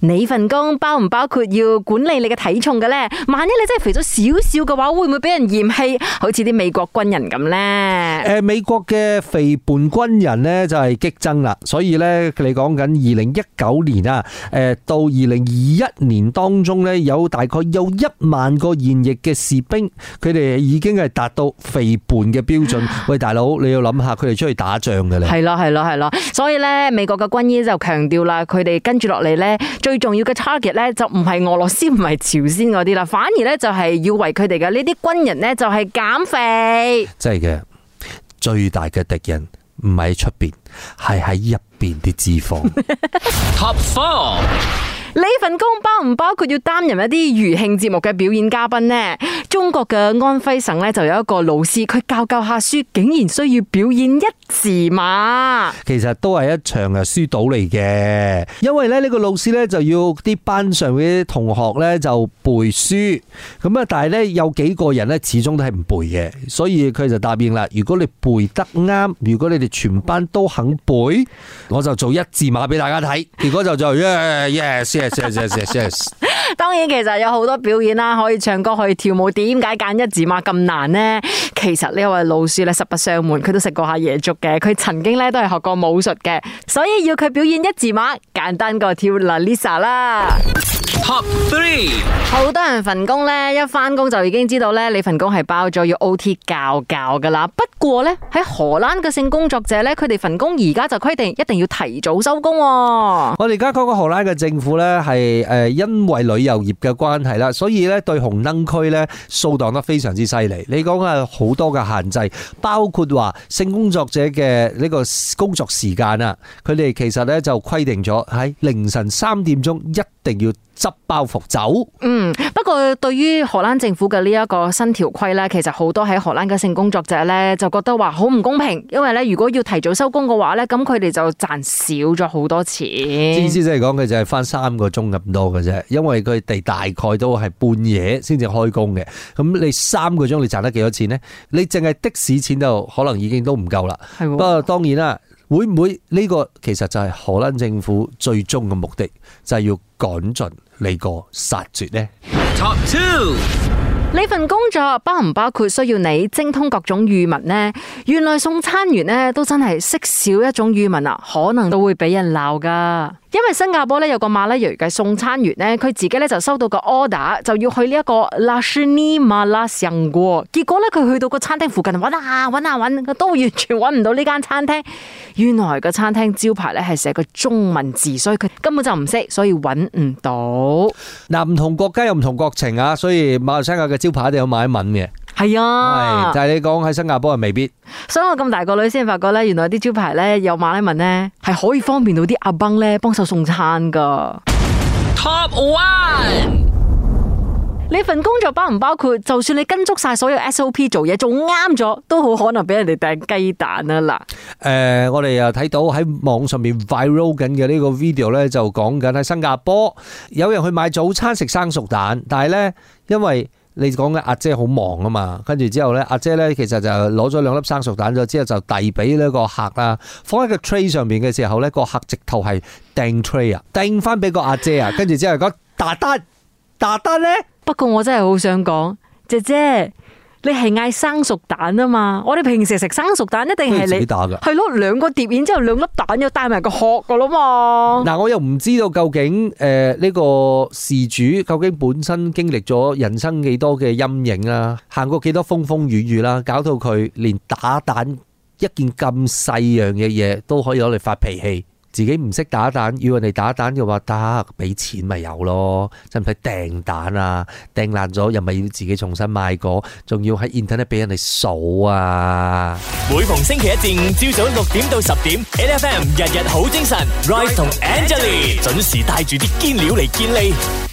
你份工包唔包括要管理你嘅體重嘅咧？萬一你真係肥咗少少嘅話，會唔會俾人嫌棄？好似啲美國軍人咁呢？誒、呃，美國嘅肥胖軍人呢，就係激增啦，所以呢，你講緊二零一九年啊，誒、呃、到二零二一年當中呢，有大概有一萬個現役嘅士兵，佢哋已經係達到肥胖嘅標準。喂，大佬，你要諗下，佢哋出去打仗㗎喇。係咯， 係咯，係咯，所以呢，美國嘅軍醫就強調啦，佢哋跟住落嚟呢。最重要嘅 target 咧，就唔係俄羅斯，唔係朝鮮嗰啲啦，反而咧就係要為佢哋嘅呢啲軍人咧，就係減肥。真係嘅，最大嘅敵人唔係喺出邊，係喺入邊啲脂肪。Top four。呢份工包唔包括要擔任一啲餘興節目嘅表演嘉賓呢？中國嘅安徽省呢，就有一個老師，佢教教下書，竟然需要表演一字馬。其實都係一場誒書賭嚟嘅，因為咧呢個老師呢，就要啲班上嘅同學呢，就背書，咁啊，但係呢，有幾個人呢，始終都係唔背嘅，所以佢就答應啦。如果你背得啱，如果你哋全班都肯背，我就做一字馬俾大家睇。結果就做咗耶！y、yes, yes, yes, yes. 當然其實有好多表演啦，可以唱歌，可以跳舞。點解揀一字馬咁難呢？其實呢位老師咧，實不相瞞佢都食過下夜粥嘅，佢曾經咧都係學過武術嘅，所以要佢表演一字馬簡單過跳 Lisa 啦。Top three，好多人份工咧，一返工就已經知道咧，你份工係包咗要 OT 教教噶啦。不過咧，喺荷蘭嘅性工作者咧，佢哋份工而家就規定一定要提早收工。我哋而家講講荷蘭嘅政府咧，係誒因為旅遊業嘅關係啦，所以咧對紅燈區咧掃蕩得非常之犀利。你講嘅好多嘅限制，包括話性工作者嘅呢個工作時間啊，佢哋其實咧就規定咗喺凌晨三點鐘一定要包袱走，嗯，不過對於荷蘭政府嘅呢一個新條規呢，其實好多喺荷蘭嘅性工作者呢，就覺得話好唔公平，因為呢，如果要提早收工嘅話呢，咁佢哋就賺少咗好多錢。意思即係講佢就係、是、翻三個鐘咁多嘅啫，因為佢哋大概都係半夜先至開工嘅，咁你三個鐘你賺得幾多錢呢？你淨係的士錢就可能已經都唔夠啦。係哦、不過當然啦。會唔會呢個其實就係荷蘭政府最終嘅目的，就係、是、要趕盡你個殺絕呢？呢份 Top two， 工作包唔包括需要你精通各種語文呢？原來送餐員呢都真係識少一種語文啊，可能都會俾人鬧噶。因為新加坡咧有個馬來西亞嘅送餐員咧，佢自己咧就收到個 order，就要去呢一個 Lasni Malang 過，結果咧佢去到個餐廳附近，揾下揾下揾，都完全揾唔到呢間餐廳。原來個餐廳招牌咧係寫個中文字，所以佢根本就唔識，所以揾唔到。嗱，唔同國家有唔同國情啊，所以馬來西亞嘅招牌一定要買文嘅。係啊，但係你講喺新加坡係未必，所以我咁大個女先發覺咧，原來啲招牌咧有馬拉文咧，係可以方便到啲阿崩咧幫手送餐噶。Top one，你份工作包唔包括？就算你跟足晒所有 SOP 做嘢，做啱咗，都好可能俾人哋掟雞蛋啊！嗱，誒，我哋又睇到喺網上面 viral 緊嘅呢個 video 咧，就講緊喺新加坡有人去買早餐食生熟蛋，但係咧因為。你講嘅阿姐好忙啊嘛，跟住之後呢，阿姐呢其實就攞咗兩粒生熟蛋咗之後，就遞俾呢個客啦，放喺個 tray 上面嘅時候呢，個客直頭係掟 tray 啊，掟翻俾個阿姐啊，跟住之後講，得得得得呢？不過我真係好想講，姐姐。你係嗌生熟蛋啊嘛？我哋平時食生熟蛋一定係你打㗎，係咯兩個碟，然之後兩粒蛋又帶埋個殼噶啦嘛。嗱、嗯，我又唔知道究竟誒呢、呃這個事主究竟本身經歷咗人生幾多嘅陰影啊，行過幾多風風雨雨啦、啊，搞到佢連打蛋一件咁細樣嘅嘢都可以攞嚟發脾氣。自己唔識打蛋，要人哋打蛋嘅話得，俾錢咪有咯。使唔使訂蛋啊？掟爛咗又咪要自己重新買過，仲要喺 internet 俾人哋數啊！每逢星期一至五朝早六點到十點，8FM 日日好精神，Rise 同 Angelina 準時帶住啲堅料嚟堅利。